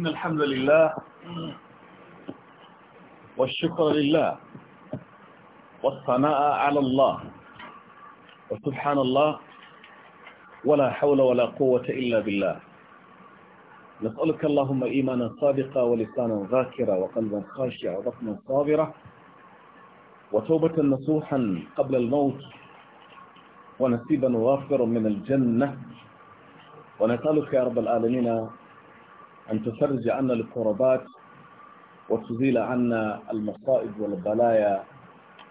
إن الحمد لله والشكر لله والثناء على الله وسبحان الله ولا حول ولا قوة إلا بالله نسألك اللهم إيمانا صادقا ولسانا ذاكرا وقلبا خاشعا وضخما صابرا وتوبة نصوحا قبل الموت ونسيبا وافر من الجنة ونسألك يا رب العالمين أن تفرج عنا الكربات وتزيل عنا المصائب والبلايا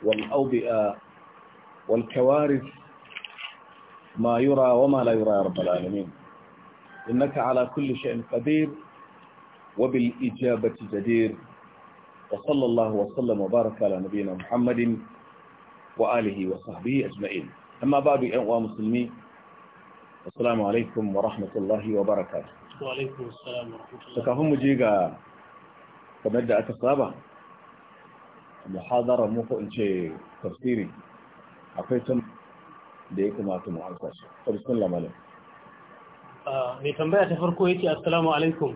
والأوبئة والكوارث ما يرى وما لا يرى يا رب العالمين إنك على كل شيء قدير وبالإجابة جدير وصلى الله وسلم وبارك على نبينا محمد وآله وصحبه أجمعين أما بعد أيها المسلمين السلام عليكم ورحمة الله وبركاته da kafin mu je ga kamar da aka saba muhadara mu ko in ce tafsiri akwai tun da ya kamata mu halka shi farkon lamalin ah, mai tambaya ta farko yake assalamu alaikum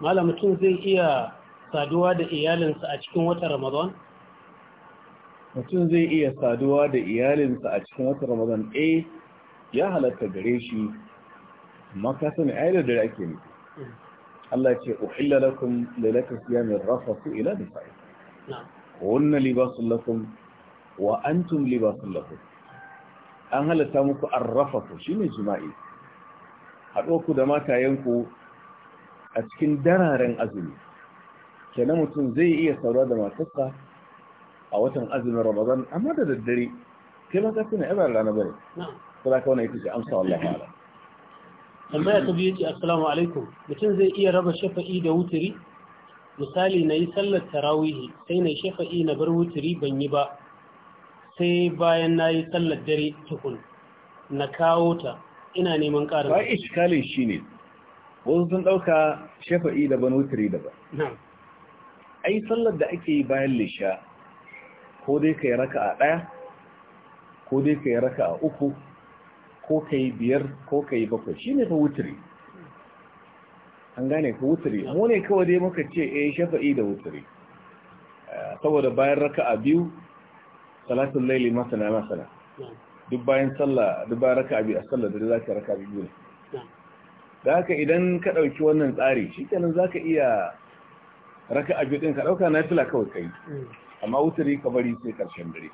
malamu tun zai iya saduwa da iyalinsa a cikin watan ramadan mutum zai iya saduwa da iyalinsa a cikin watan ramadan eh ya halatta gare shi amma ka sani ai da ake nufi Allah ce uhilla lakum lailatul siyami rafasu ila nisa'ikum wannan libasun lakum wa antum libasun lakum an halatta muku arrafasu shine jima'i haɗo ku da matayenku a cikin dararen azumi kenan mutum zai iya saura da matarsa a watan azumin ramadan amma da daddare kai ma ka tuna da rana bane kuma ka wannan ita ce amsa wallahi tambaya ta biyu ce assalamu alaikum mutum zai iya raba shafa'i da wuturi misali na yi sallar tarawihi sai na shafa'i na bar wuturi ban yi ba sai bayan na yi sallar dare tukun na kawo ta ina neman ƙarin ba iskalin shi ne wasu sun ɗauka shafa'i da ban wuturi a yi sallar da ake yi bayan lisha ko dai ka yi raka a ɗaya ko dai ka yi raka a uku ko ka yi biyar ko ka yi bakwai shi ne fa wuturi an gane ka wuturi mu ne kawai dai muka ce eh shafa'i da wuturi eh, saboda bayan raka a biyu salatun laili masana masana duk bayan sallah duk bayan raka a biyu a sallah da za ka raka biyu ne da haka idan ka ɗauki wannan tsari shi kenan za ka iya raka a biyu ɗin ka ɗauka na fila kawai kai mm. amma wuturi ka bari sai karshen dare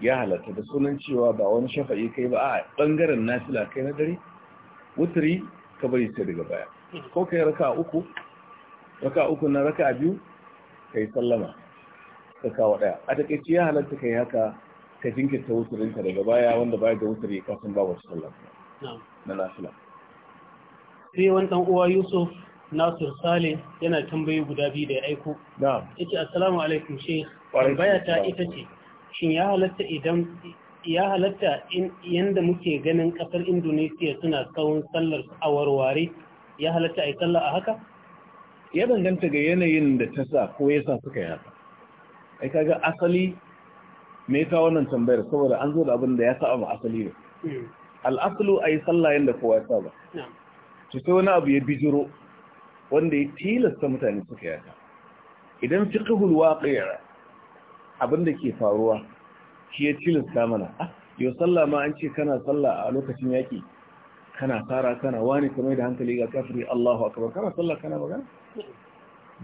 ya halatta da sunan cewa ba wani shafa'i kai ba a bangaren nafila kai na dare wuturi ka bari sai daga baya hmm. ko kai raka uku raka uku na raka biyu kai sallama ka kawo daya a takaici ya halatta kai haka ka jinkirta wuturin daga baya wanda baya da wuturi ka san ba wasu sallama na nafila sai wani dan uwa Yusuf Nasir Sale yana tambayi guda biyu da ya aiko. Na Yace assalamu alaikum sheikh. Tambaya ta ita ce shin ya halatta idan ya halatta yanda muke ganin kasar Indonesia suna tsawon sallar a warware ya halatta a sallar a haka? Ya danganta ga yanayin da ta sa ko ya sa suka yasa. Ai kaga asali me ka wannan tambayar saboda an zo da abin da ya saba asali ne. Hmm. Al'asalu a yi sallah yanda kowa ya saba. To sai wani abu ya bijiro wanda ya tilasta mutane suka yaka. Idan fiqhul waqi'a abin da ke faruwa shi ya tilasta mana ah, yau sallah ma an ce kana sallah a lokacin yaƙi kana tsara kana wani kamar da hankali ga kafiri Allahu akbar kana sallah kana magana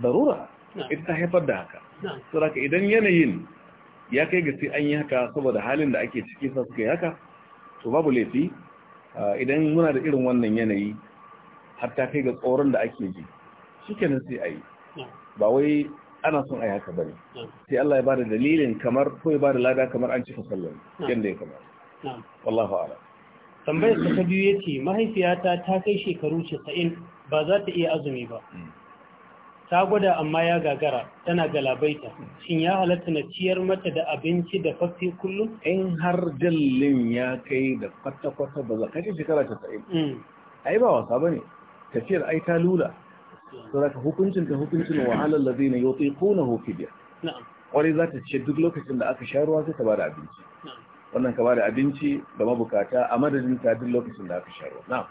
darura ita ta haifar da haka saboda idan yanayin ya kai ga sai an yi haka saboda halin da ake ciki sa suka yi haka to babu laifi ah, idan muna da irin wannan yanayi har ta kai ga tsoron da ake ji shikenan sai a yi ba wai ana son a yaka bane sai Allah ya bada dalilin kamar ko ya bada lada kamar an cika sallar yanda ya kamata wallahu a'lam tambayar ta biyu yace mahaifiyata ta kai shekaru 90 ba za ta iya azumi ba hmm. ta gwada amma ya gagara tana galabaita shin ya halatta na ciyar mata da abinci da fafi kullum in har dallin ya kai da kwata-kwata ba za ka ce shekara 90 hmm. ai ba wasa bane tafiyar ai ta lula saboda hukuncin ta hukuncin wa alal ladina yutiqunahu fidya na'am kwarai za ta ce duk lokacin da aka sha ruwa sai ta bada abinci wannan ka bada abinci da mabukata a madadin ta duk lokacin da aka sha ruwa na'am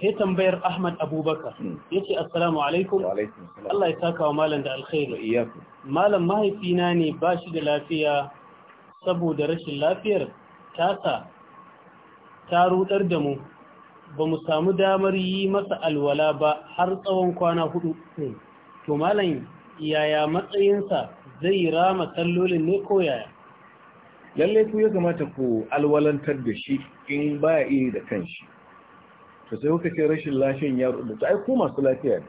sai tambayar Ahmad Abubakar hmm. yace assalamu alaikum wa alaikum Allah ya saka wa malam da alkhairi malam mahaifina ne ba shi da lafiya saboda rashin lafiyar tasa ta rudar da mu ba mu samu damar yi masa alwala ba har tsawon kwana hudu to malam yaya matsayinsa zai rama sallolin ne ko yaya lalle ku ya kamata ku alwalantar da shi in ba iri da kanshi to sai kuka ce rashin lashin ya rudu ta ai ku masu lafiya ne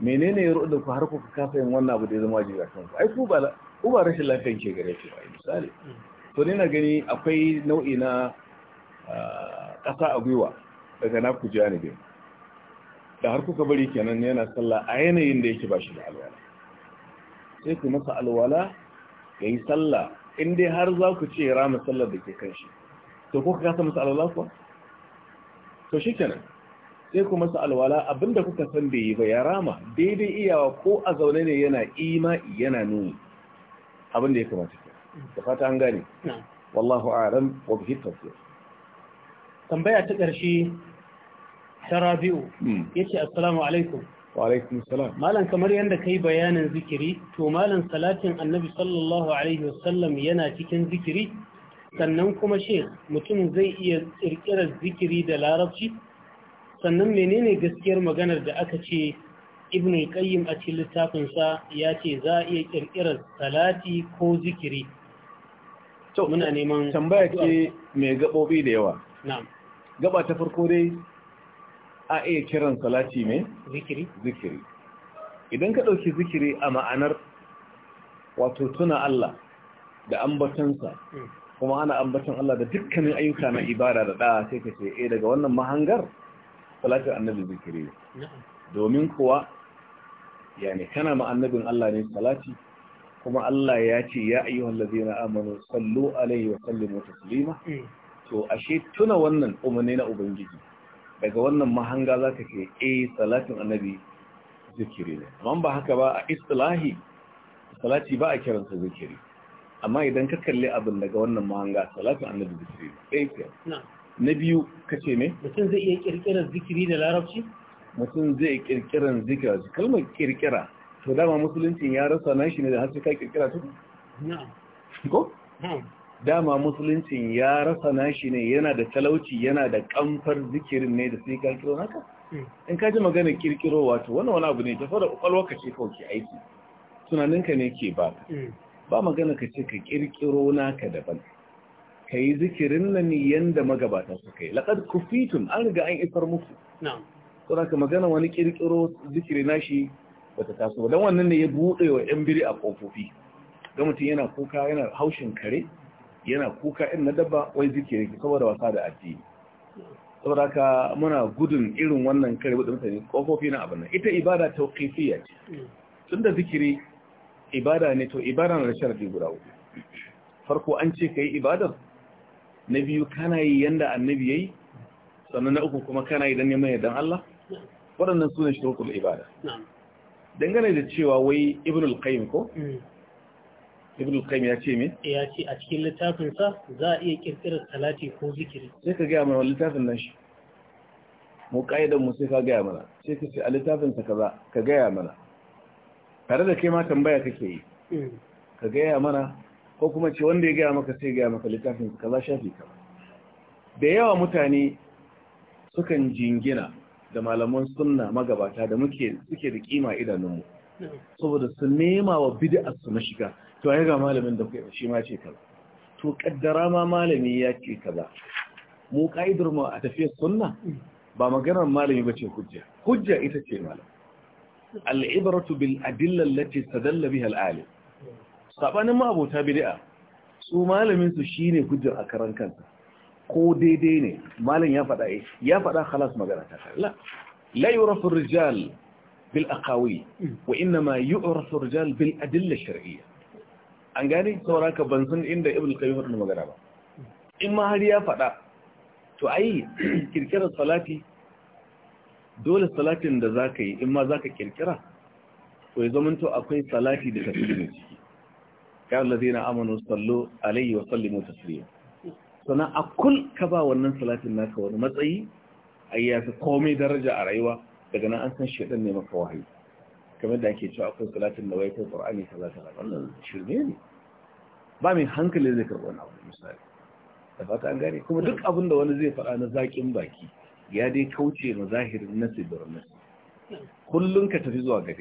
menene ya rudu ku har kuka kasa yin wannan abu da ya zama wajibi a kanku ai ku ba ku ba rashin lafiyan ke gare ba? ai misali mm. to ni na gani akwai nau'i na ƙasa a gwiwa daga na ku janibin da har kuka bari kenan yana sallah a yanayin da yake ba shi da alwala sai ku masa alwala ya yi sallah in dai har za ku ce rama sallar da ke kan shi to kuka kasa masa alwala kuwa to shi kenan sai ku masa alwala abinda kuka san da yi ba ya rama daidai iyawa ko a zaune ne yana imai yana nuni abinda ya kamata da fata an gane wallahu a'lam wa bihi tawfiq tambaya ta ƙarshe ta rabi'u hmm. ya ce assalamu alaikum wa alaikum salam malam kamar yadda ka yi bayanin zikiri to malam salatin annabi sallallahu alaihi wasallam yana cikin zikiri sannan kuma she mutum zai iya ƙirƙirar zikiri da larabci sannan menene gaskiyar maganar da aka ce ibn qayyim a cikin littafinsa ya ce za a iya ƙirƙirar salati ko zikiri to muna neman tambaya ce mai gaɓoɓi da yawa gaba ta farko dai a iya kiran salati ne zikiri zikiri idan ka ɗauki zikiri a ma'anar wato tuna Allah da ambatansa mm. kuma ana ambatan Allah da dukkanin ayyuka na ibada da ɗa sai ka ce eh daga wannan mahangar salatin annabi zikiri domin kuwa yani kana ma Allah ne salati kuma Allah ya ce ya ayyuhallazina amanu sallu alaihi wa sallimu taslima mm. to ashe tuna wannan umarni na ubangiji daga wannan mahanga za ka ce a eh, salatin annabi zikiri ne amma ba haka ba a istilahi salati ba a kiransa zikiri amma idan ka kalli abin daga wannan mahanga salatin annabi zikiri ɗaya na biyu ka ce ne mutum zai iya kirkirar zikiri da larabci mutum zai iya kirkirar zikira kalmar kirkira to dama musuluncin ya rasa nashi ne da har sai ka kirkira Na. ko dama musuluncin ya rasa nashi ne yana da talauci yana da kamfar zikirin ne da sai kirkiro naka hmm. in ka ji magana kirkiro wato wannan wani abu ne ta fara kwakwalwa ka ce kawai ke aiki tunaninka ne ke ba hmm. ba magana ka ce ka kirkiro naka daban ka yi zikirin nan yanda magabata suka yi laqad kufitun an riga an isar muku suna ka magana wani kirkiro zikiri nashi bata taso don wannan ne ya bude wa 'yan biri a ƙofofi ga mutum yana kuka yana haushin kare yana kuka in na dabba wai zikiri saboda wasa da addini saboda haka muna gudun irin wannan kare da mutane kofofi na abin nan ita ibada tawqifiyya ce tunda zikiri ibada ne to ibada na sharadi guda uku farko an ce kai ibada? na biyu kana yi yanda annabi yayi sannan na uku kuma kana yi dan neman yardan Allah waɗannan ne shurutul ibada dangane da cewa wai ibnul qayyim ko mm. ibn al-qayyim ya ce me ya ce a cikin littafin sa za a iya kirkirar salati ko zikiri sai ka ga mai littafin nan shi mu kaidan mu sai ka ga mana sai ka ce a littafin sa kaza ka ga mana tare da kai ma tambaya kake yi hmm. ka ga mana ko kuma ce wanda ya ga maka sai ga maka littafin sa kaza shafi ka da yawa mutane sukan jingina da malaman sunna magabata da muke suke da kima idanunmu saboda su nema wa bid'a su mashiga to ai ga malamin da shi ma ce kaza to kaddara ma malami ya ce kaza mu kaidar mu a tafiyar sunna ba maganar malami bace hujja hujja ita ce malam al-ibratu bil adilla allati tadalla biha al-alim sabanin ma abota bid'a su malamin su shine hujjar a karan kansa ko daidai ne malam ya faɗa ya faɗa khalas magana ta la la yurafu rijal بالأقاويل وإنما يعرف الرجال بالأدلة الشرعية an gane sauraka ban san inda ibn qayyim din magana ba in ma har ya faɗa to ai kirkirar salati dole salatin da zaka yi in ma zaka kirkira to ya zamanto akwai salati da tasbihi ciki ya allazina amanu sallu alayhi wa sallimu taslima sana ka ba wannan salatin naka wani matsayi ai ya fi komai daraja a rayuwa daga nan an san shaidan ne maka wahayi kamar da ake cewa akwai salatin da waitar qur'ani salatu wannan shirme ne ba mai hankali zai karɓi wani abu misali da fata an gane kuma duk abin da wani zai faɗa na zaƙin baki ya dai kauce ma zahirin nasi da nasi kullun ka tafi zuwa ga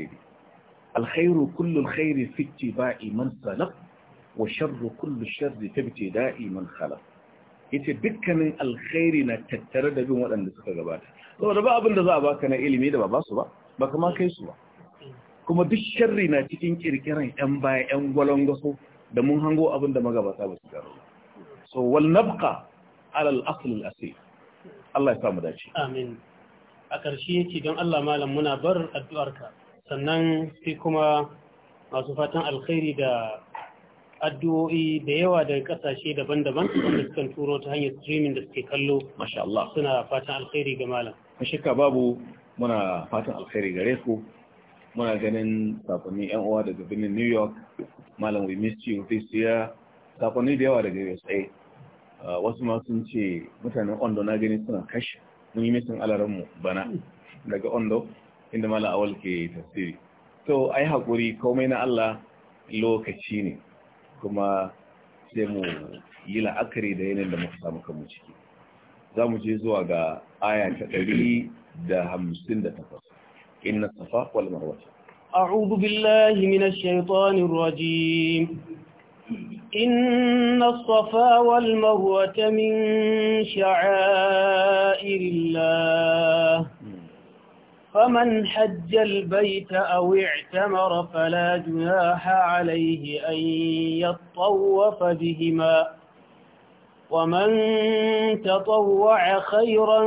alkhairu kullu khairi fice ba man salaf wa sharru kullu sharri fi ibtida'i khalaf yace dukkanin alkhairi na tattare da bin waɗanda suka gabata saboda ba abin da za a baka na ilimi da ba ba su ba ba kama kai su ba kuma duk sharri na cikin kirkiran yan baya yan gwalangwaso da mun hango abin da magabata ba su gano so wal nabqa ala al asl al asil Allah ya samu dace amin a ƙarshe yace don Allah malam muna bar addu'arka sannan sai kuma masu fatan alkhairi da addu'o'i da yawa daga kasashe daban-daban wanda suka turo ta hanyar streaming da suke kallo suna fatan alkhairi ga malam shakka babu muna fatan alkhairi gare ku muna ganin sakonni yan uwa daga birnin New York malam we miss you this year sakonni da yawa daga USA ah, wasu ma sun ce mutanen Ondo na gani suna kashi mun yi misin alaran mu bana daga Ondo inda malam awal ke tasiri to ai haƙuri komai na Allah lokaci ne kuma sai mu yi la'akari da yanayin da muka samu kanmu ciki za mu je zuwa ga aya ta ɗari da hamsin da takwas inna safa wal marwa أعوذ بالله من الشيطان الرجيم إن الصفا والمروة من شعائر الله فمن حج البيت أو اعتمر فلا جناح عليه أن يطوف بهما ومن تطوع خيرا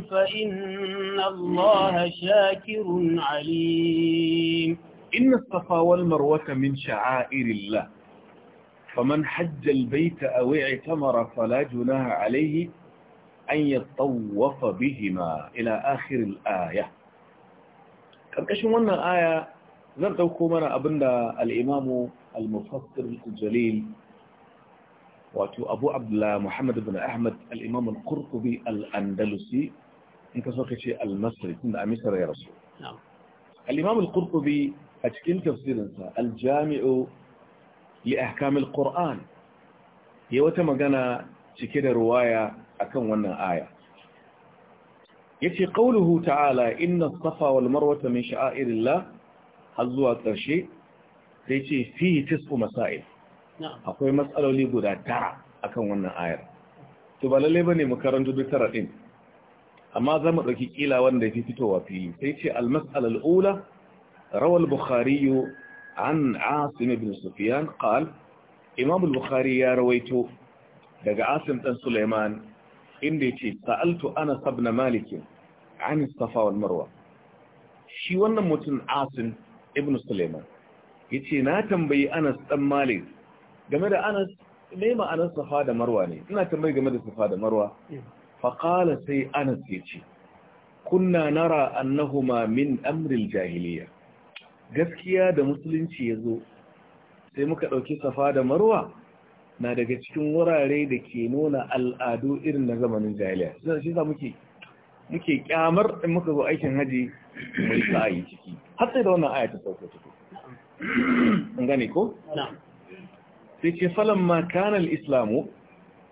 فإن الله شاكر عليم إن الصفا والمروة من شعائر الله فمن حج البيت أو اعتمر فلا جناح عليه أن يطوف بهما إلى آخر الآية ƙarƙashin wannan aya zan ɗauko mana abin da al'imamu al-mufassir jalil wato abu abdullahi muhammad bin ahmad al'imamun kurkubi al'andalusi in ka so ce al-masri tun da amisar ya rasu al'imamun kurkubi a cikin tafsirinsa al-jami'u li ahkamil qur'an ya wata magana cike da ruwaya akan wannan aya yace qauluhu ta'ala inna as-safa wal marwata min sha'airillah har zuwa ƙarshe sai ce fi tis'u masail akwai matsaloli guda tara akan wannan ayar to ba lalle bane mu karanta duk tara din amma za mu ɗauki ƙila wanda fi fitowa fili sai ce al-mas'ala al-ula rawa bukhari an asim ibn sufyan qal imam al-bukhari ya rawaito daga asim dan sulaiman inda yace sa'altu ana sabna Malikin, an safa marwa shi wannan mutum asin ibn suleiman yace na tambayi anas dan malik game da anas me ma'anar safa da marwa ne ina tambayi game da safa da marwa fa qala sai anas yace kunna nara annahuma min amril jahiliya gaskiya da musulunci ya zo. sai muka ɗauki safa da marwa na daga cikin wurare da ke nuna al'adu irin na zamanin jahiliya zai shi za muke muke kyamar in muka zo aikin haji mai sa'ayi ciki har sai da wannan ayatun ta ciki an gane ko sai ce falon ma islamu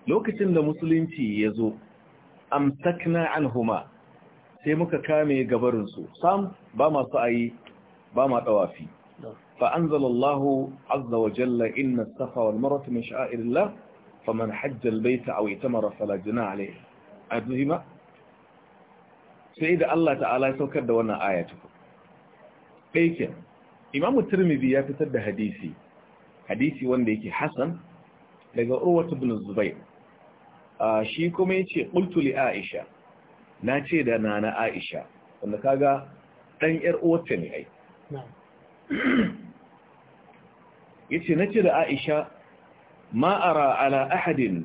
lokacin da musulunci ya zo amsakna alhuma, sai muka kame gabarinsu sam ba masu ayi ba ma tsawafi. فأنزل الله عز وجل إن الصفا والمرة من شعائر الله فمن حج البيت أو اتمر فلا جناح عليه أدهم سيد الله تعالى يتوكد وانا آياته لكن إمام الترمذي يفتد حديثي حديثي وانا يكي حسن لقى أروة بن الزبير شيكم يتي قلت لآئشة ناتي دانا أنا آئشة وانا كاقا تنئر أوتني أي نعم yace nace da Aisha ma ara ala ahadin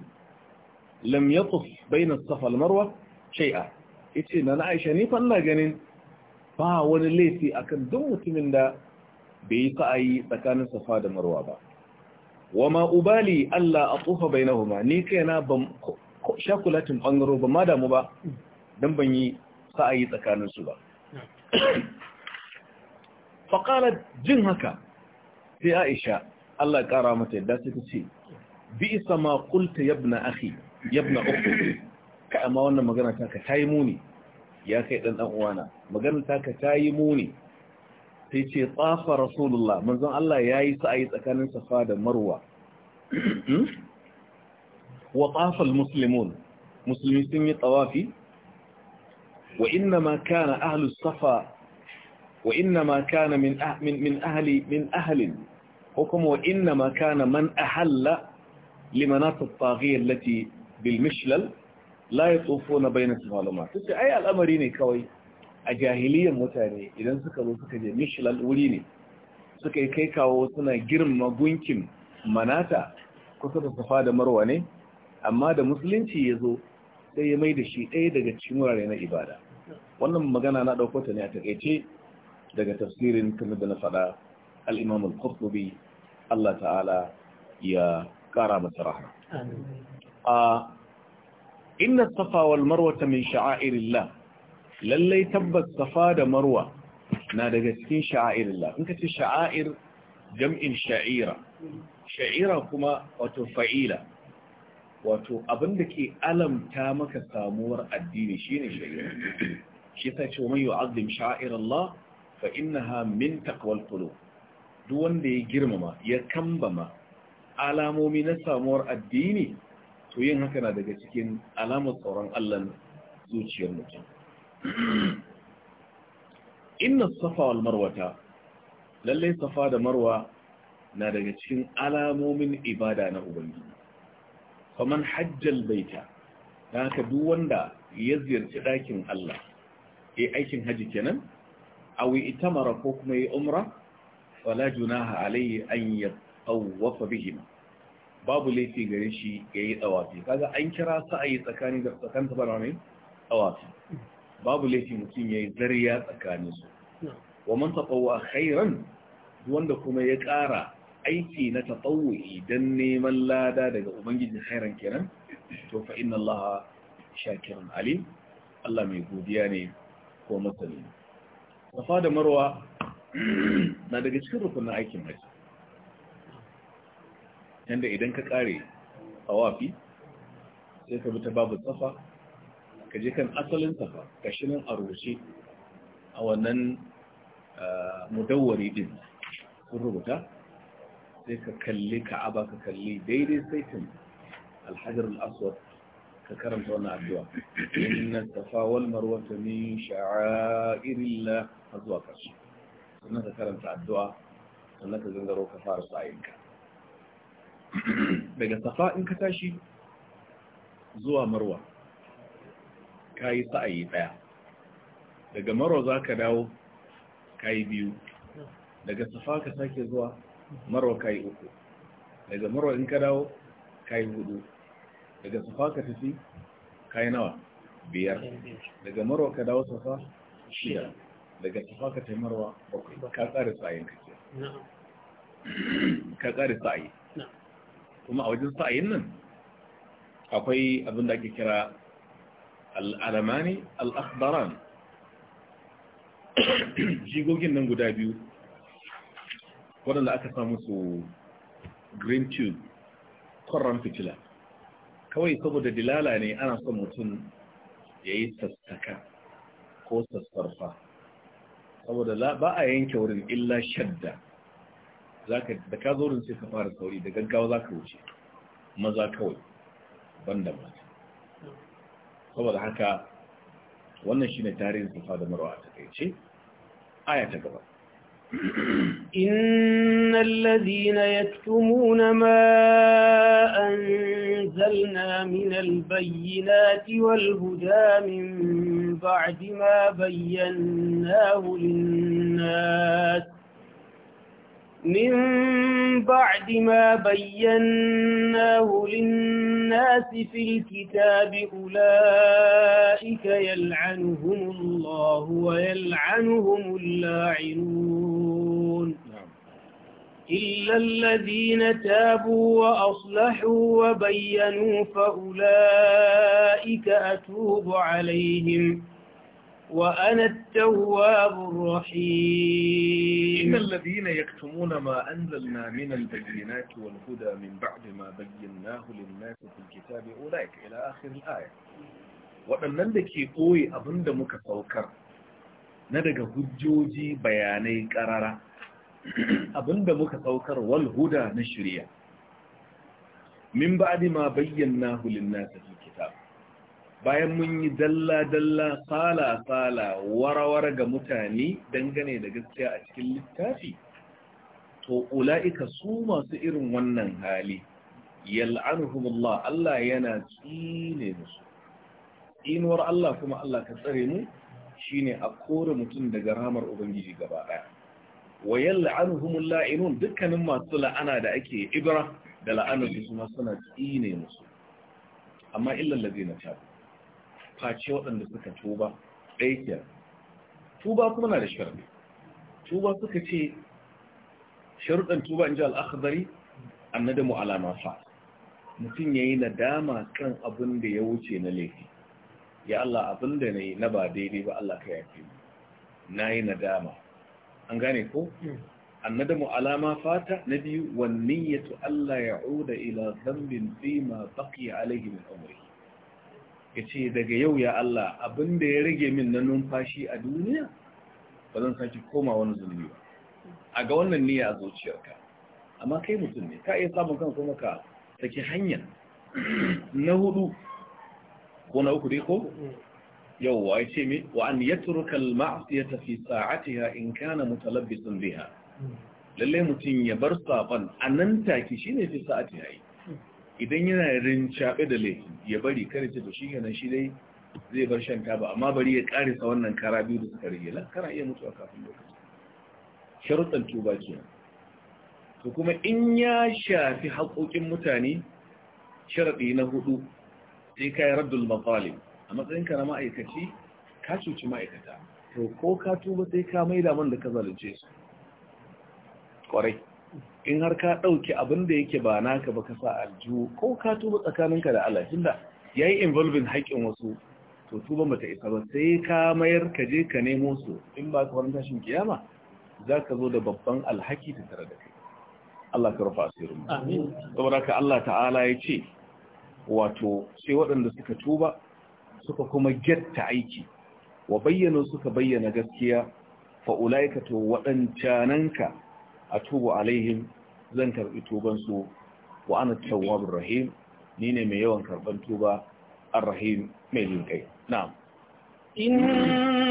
lam yaqf bayna as-safa wal-marwa shay'a yace na Aisha ni fa ina ganin ba wani laifi akan duk mutumin da bai yi sa'ayi tsakanin safa da marwa ba wa ma ubali Allah atufa bainahuma ni kaina ban shakulatin bangaro ba ma damu ba dan ban yi sa'ayi tsakanin su ba faqalat jin haka sai Aisha Allah ƙara mata yadda sai ta ce bi isa ma qulta ya ibn akhi ya ibn ukhti ka amma wannan magana ta ka tayi muni ya kai dan dan uwana magana ta ka tayi muni sai ce tsafa rasulullah manzon Allah yayi sa'ayi tsakanin safa da marwa wa tsafa almuslimun musulmi sun yi tawafi wa inna ma kana ahlus safa وإنما كان من من من أهل من أهل ko kuma innama kana man ahalla limanat at-taghiyya allati bil mishlal la yatufuna bayna al-ulama sai ai al'amari ne kawai a jahiliyyar mutane idan suka zo suka je mishlal wuri ne suka yi kai kawo suna girma gunkin manata kusa da safa da marwa ne amma da musulunci ya zo sai ya mai da shi ɗaya daga cikin wurare na ibada wannan magana na ɗaukota ne a takaice daga tafsirin kamar da na faɗa al al-qurtubi Allah ta'ala ya ƙara masa rahama a ah, inna min sha'airillah lallai tabbas safa da marwa na daga cikin sha'airillah in ka ce sha'air jam'in sha'ira sha'ira kuma wato fa'ila wato abinda ke alamta maka samuwar addini shine sha'ira shi ta ce man yu'azzim sha'airallah fa innaha min taqwal qulub duk wanda ya girmama ya kambama alamomi na samuwar addini to yin haka na daga cikin alamar tsoron Allah zuciyar mutum inna safa wal marwata lallai safa da marwa na daga cikin alamomin ibada na ubangi, faman hajjal baita da haka duk wanda ya ziyarci ɗakin Allah ya aikin hajji kenan awi itamara ko kuma yi umra wala junaha alayhi an yatawwafa bihima babu laifi gare shi yayi tsawafi kaga an kira sa'ayi tsakanin da tsakan tabarame tsawafi babu laifi mutum yayi zariya tsakanin su wa man tatawwa khairan wanda kuma ya ƙara aiki na tatawwi dan neman lada daga ubangiji khairan kenan to fa inna allaha shakirun alim Allah mai godiya ne ko masani safa da marwa na daga cikin rukunin aikin haji yadda idan ka kare tawafi sai ka bi ta babu tsafa ka je kan asalin tsafa ka shirin a rushe a wannan mudawari din sun rubuta sai ka kalli ka'aba ka kalli daidai saitin alhajar al'aswar ka karanta wannan addu'a inna safa wal marwata min sha'airillah zuwa kashi sannan ka karanta addu'a sannan ka zangaro ka fara sa'inka daga safa in ka tashi zuwa marwa ka yi sa'ayi ɗaya daga marwa za ka dawo ka yi biyu daga safa ka sake zuwa marwa ka yi uku daga marwa in ka dawo ka yi hudu daga safa ka tafi ka yi nawa biyar daga marwa ka dawo safa shida daga tafa ka taimarwa bakwai ka tsara sa'ayin ka ka tsara sa'ayi kuma a wajen sa'ayin nan akwai abin da ake kira al'alamani al'akbaran jigogin nan guda biyu waɗanda aka samu su green tube kwarren fitila kawai saboda dilala ne ana son mutum ya yi sassaka ko sassarfa saboda ba a yanke wurin illa shadda da ka zo wurin sai ka fara sauri da gaggawa za ka wuce maza kawai banda mata saboda haka wannan shine tarihin safa da marawa ta kai ce aya ta gaba إن الذين يكتمون ما أنزلنا من البينات والهدى من من بعد ما بيناه للناس من بعد ما بيناه للناس في الكتاب أولئك يلعنهم الله ويلعنهم اللاعنون إلا الذين تابوا وأصلحوا وبينوا فأولئك أتوب عليهم وأنا التواب الرحيم إن الذين يكتمون ما أنزلنا من البينات والهدى من بعد ما بيناه للناس في الكتاب أولئك إلى آخر الآية وأنا da قوي أظن abin ندق هجوجي بياني كرارا abinda muka saukar wal huda na shari'a min ba'di ma bayyana lin-nas fi kitab bayan mun yi dalla dalla sala sala warawar ga mutane dangane da gaskiya a cikin littafi to ula'ika su masu irin wannan hali yal'anuhumullah Allah yana tsine musu inuwar Allah kuma Allah ka tsare mu shine a kore mutum daga ramar ubangiji gaba daya wa yal'anuhumul la'inun dukkanin masu la'ana da ake ibra da la'anar su kuma suna tsine musu amma illal ladina tabu face waɗanda suka tuba ɗaya ke tuba kuma na da sharadi tuba suka ce sharuɗan tuba in ji al'akhdari annadamu alama fa mutum ya yayi nadama kan abin da ya wuce na laifi ya Allah abin da na yi na ba daidai ba Allah ka yafe ni na yi nadama an gane ko hmm. annadamu alama fata na biyu wan niyyatu Allah ya'uda ila dhanbin fi ma baqiya alayhi min umri yace daga yau ya Allah abinda ya rage min na numfashi a duniya ba zan saki koma wani zunubi ba a ga wannan niyya a zuciyarka amma kai mutum ne ka iya samun kan kuma ka take hanya na hudu ko na uku dai ko hmm. yawwa ya ce mai wa an ya turuka ya tafi sa'atiha in kana mutalabbisin biha lallai mutum ya bar saban a nan take shi ne fi sa'atiha yi idan yana rincaɓe da laifin ya bari kare ce to shi ganin shi dai zai bar shan taba amma bari ya karisa wannan kara biyu da suka rage la kana iya mutuwa kafin lokaci sharuɗan tuba kenan to kuma in ya shafi haƙoƙin mutane sharaɗi na hudu sai kai raddul maqalim a matsayinka na ma'aikaci ka cuci ma'aikata to ko ka tuba sai ka mai da da ka zalunce su kwarai in har ka ɗauki abin da yake ba naka ba ka sa aljihu ko ka tuba tsakaninka da Allah tunda yayi involving haƙƙin wasu to tuba mata isa ba sai ka mayar ka je ka nemo su in ba ka warin tashin kiyama za ka zo da babban alhaki ta tare da kai Allah ka rufa asirin amin saboda ka Allah ta'ala ya ce wato sai waɗanda suka tuba suka kuma getta aiki wa bayyana suka bayyana gaskiya fa ulaika to wadancananka atubu alaihim zan karɓi tuban su wa ana tawwabur rahim ni ne mai yawan karɓar tuba arrahim mai jinkai na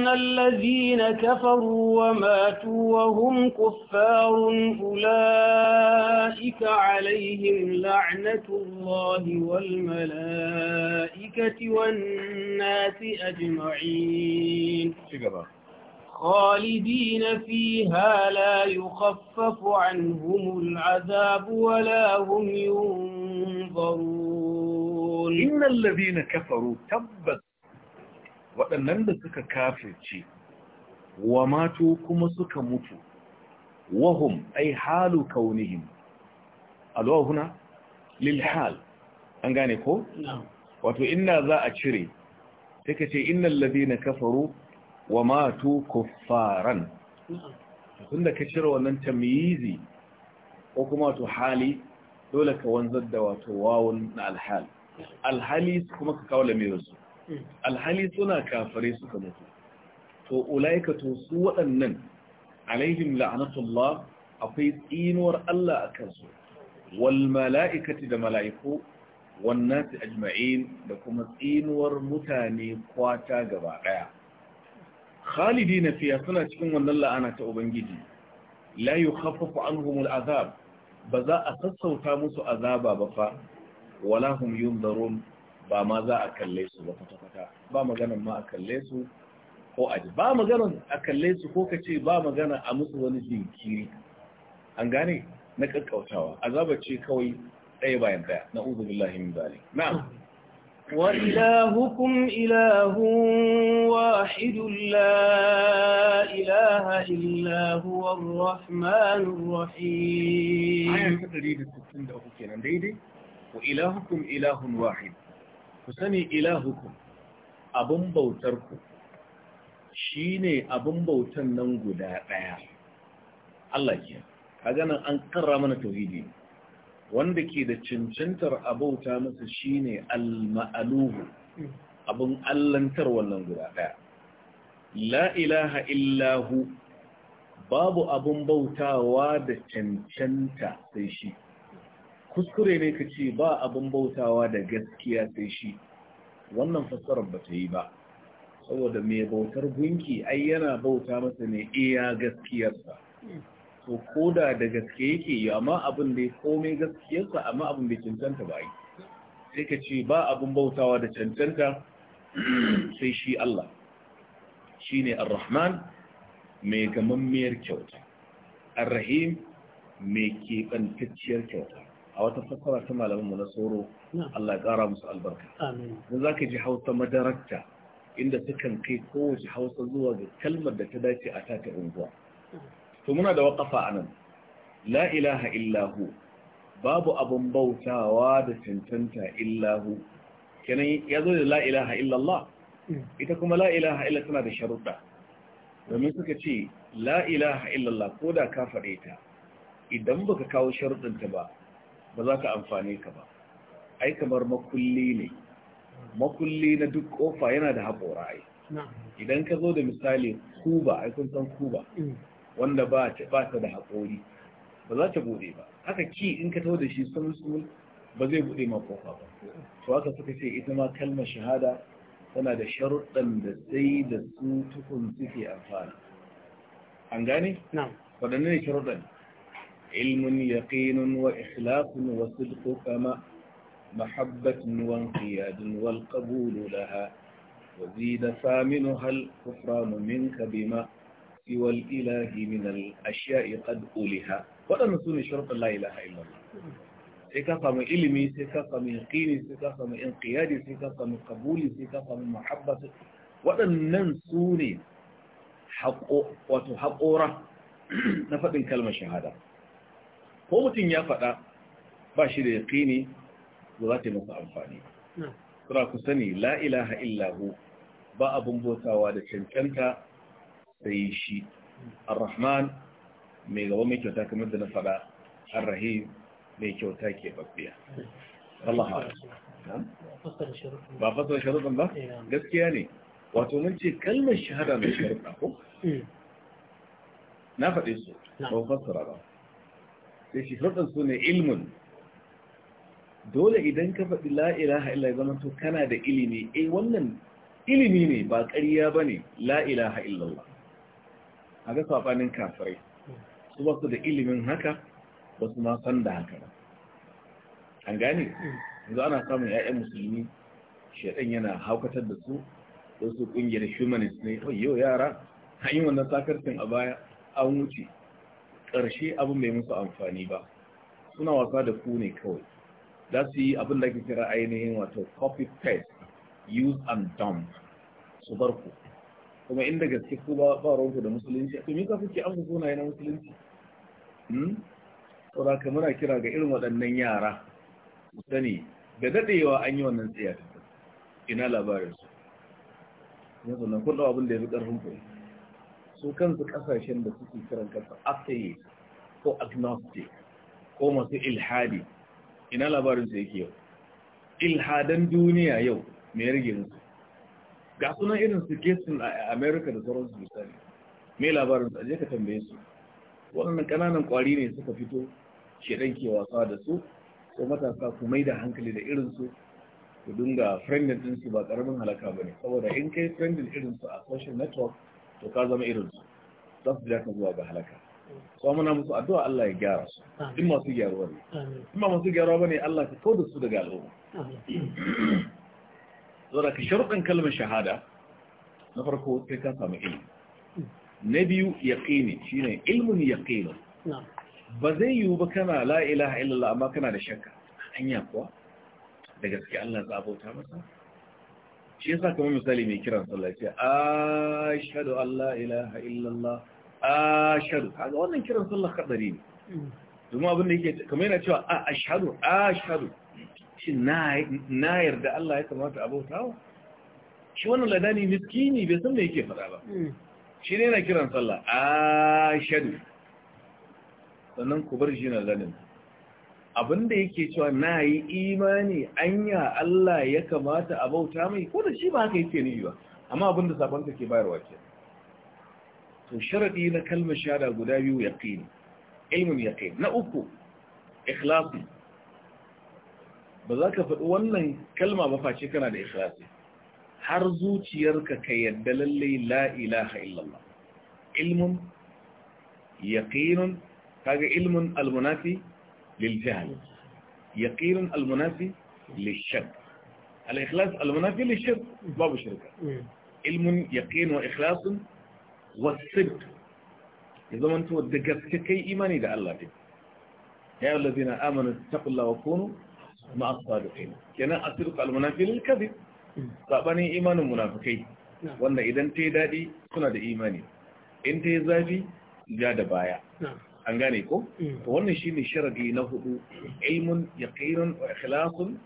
إن الذين كفروا وماتوا وهم كفار أولئك عليهم لعنة الله والملائكة والناس أجمعين خالدين فيها لا يخفف عنهم العذاب ولا هم ينظرون إن الذين كفروا تبت waɗannan da suka kafirce wa mato kuma suka mutu wahum ai halu kaunihim alwa huna lil an gane ko wato inna za a cire take ce innal ladina kafaru wa matu kuffaran da ka cire wannan tamizi, ko kuma wato hali dole ka wanzar da wato wawon na alhal alhali kuma ka kawo lamirinsu alhali suna kafare suka mutu to ulaika to su waɗannan alaihim la'anatullah akwai tsinuwar Allah a kansu wal mala'ikati da mala'iku wan ajma'in da kuma tsinuwar mutane kwata gaba daya khalidina fiya suna cikin wannan la'ana ta ubangiji la yukhaffafu anhum al'azab ba za a sassauta musu azaba ba fa wala hum yunzarun ba ma za a kalle su ba kwata-kwata ba maganan ma a kalle su ko aji ba maganan a kalle su ko kace ba magana a musu wani jinkiri an gane na kakkautawa azaba ce kawai ɗaya bayan ɗaya na uzu billahi min zalik na'am wa ilahukum ilahun wahidu la ilaha illa huwa ar-rahmanur rahim ayan ta 163 kenan daidai wa ilahukum ilahun wahid ku sani ilahukum abin bautarku shi ne abin bautan nan guda ɗaya Allah ke kaga nan an karra mana tauhidi wanda ke da cincintar abauta masa shi ne al-ma'aluhu abin allantar wannan guda ɗaya la ilaha illahu babu abin bautawa da cancanta sai shi kuskure ne ka ce ba abin bautawa da gaskiya sai shi wannan fassarar ba ta yi ba saboda mai bautar gunki ai yana bauta masa ne iya gaskiyarsa to ko da da gaske yake yi amma abin da ya komai gaskiyarsa amma abin da cancanta ba yi sai ka ce ba abin bautawa da cancanta sai shi Allah shi ne al rahman mai gamammiyar kyauta al rahim mai keɓantacciyar kyauta a wata fassara ta mu na tsoro Allah ya ƙara musu albarka don za ka ji hausa madarakta inda sukan kai kowace hausa zuwa ga kalmar da ta dace a tata unguwa to muna da waƙafa a nan la ilaha illahu babu abun bautawa da cancanta illahu kenan ya zo da la ilaha illallah hmm. ita kuma la ilaha illa tana da sharuɗa domin suka ce la ilaha illallah ko da ka faɗe ta idan baka kawo sharuɗanta ba ba za ka amfani ka ba ai kamar makulli ne makulli na duk kofa yana da haƙora ai idan ka zo da misali kuba ai kun san kuba mm. wanda ba ta da haƙori ba za ta bude ba haka ki in ka taho da shi sumul ba zai bude ma kofa ba to haka suka ce ita ma kalmar shahada tana da sharuɗan da sai da su tukun suke amfani an gane? na waɗanne ne sharuɗan علم يقين وإخلاق وصدق فما محبة وانقياد والقبول لها وزيد ثامنها الكفران منك بما سوى الإله من الأشياء قد أولها ولا نسوني شرط لا إله إلا الله سكاقا من علمي سكاقا من يقيني سكاقا من انقيادي سكاقا من قبولي سكاقا من محبة ولا ننسوني حق وتحقورة نفت كلمة شهادة ko mutum ya faɗa ba shi da yaƙini ba za ta yi masa amfani sura ku sani la ilaha illahu ba abin botawa da cancanta da yi shi ar-rahman mai gaba mai kyauta kamar da na faɗa ar-rahim mai kyauta ke babbiya Allah ba fasar sharuɗin ba eh, gaskiya ne wato mun ce kalmar shahada mai sharuɗa ko hmm. na faɗe su ba fasara ba sai shi faɗin su ne ilmin dole idan ka faɗi la'ilaha illa zama to kana da ilimi eh wannan ilimi ne ba ƙariya ba ne la'ilaha illallah a ga saɓanin kafirai su ba su da ilimin haka ba su ma san da haka ba an gane yanzu ana samun 'ya'yan musulmi shaɗan yana haukatar da su su ƙungiyar humanist ne yau yara hanyar na wannan a baya an wuce ƙarshe abin bai musu amfani ba suna wasa da ku ne kawai za su yi abin da ke kira ainihin wato copy paste use and dump su bar ku kuma inda gaske ku ba ruwanku da musulunci to me ka kuke amsa sunaye na musulunci hmm? da kamar a kira ga irin waɗannan yara ku sani da dadewa an yi wannan tsiyar ina labarinsu yanzu na kullum abin da ya fi karfin ku. su kansu kasashen da suke kiran kansu atheist ko agnostic ko masu ilhadi ina su yake yau ilhadan duniya yau mai rage musu ga suna irin su kesin a america da sauransu misali mai labarinsu a jeka tambaye su waɗannan ƙananan ƙwari ne suka fito shedan ke wasa da su ko matasa ku mai da hankali da irinsu ku dinga friendin ɗinsu ba ƙaramin halaka ba ne saboda in kai friendin irinsu a social network to ka zama irin su za su jaka zuwa ga halaka kuma muna musu addu'a Allah ya gyara su in masu gyaruwa ne in masu gyaruwa ne Allah ka da su daga al'umma saboda ka sharuɗin kalmar shahada na farko sai ka samu ilimi hmm. na biyu yaqini shine ilmun yaqini ba zai yiwu ba kana la ilaha illallah amma kana da shakka hanya kuwa da gaske Allah za a bauta masa shi yasa kamar misali mai kiran sallah ce ashhadu an ilaha illallah ashhadu kaga wannan kiran sallah kadari ne domin abin da yake kamar yana cewa a ashhadu ashhadu shi na yarda Allah ya kamata abautawa shi wannan ladani miskini bai san me yake fada ba hmm. shi ne yana kiran sallah ashhadu sannan ku bar shi na ladani abinda yake cewa na yi imani anya Allah ya kamata a bauta mai ko da shi ba haka yake ni ba amma abinda sabonka ke bayarwa ke to sharadi na kalmar shada guda biyu yaqini ilmin yaqin na uku ikhlasi ba za ka faɗi wannan kalma ba face kana da ikhlasi har zuciyarka ka yadda lallai la ilaha illallah ilmin yaqinun kaga ilmin almunafi للجهل يقين المنافي للشك الإخلاص المنافي للشرك باب الشركة علم يقين وإخلاص والصدق إذا ما أنت ودقت كي إيماني ده الله دي يا الذين آمنوا اتقوا الله وكونوا مع الصادقين كان الصدق المنافي للكذب فأبني إيمان المنافقين نعم. وأن إذا أنت دادي كنا ده إيماني أنت زادي جاد بايع نعم. an gane ko to wannan shine sharadi na hudu ilmun yaqinun wa ikhlasun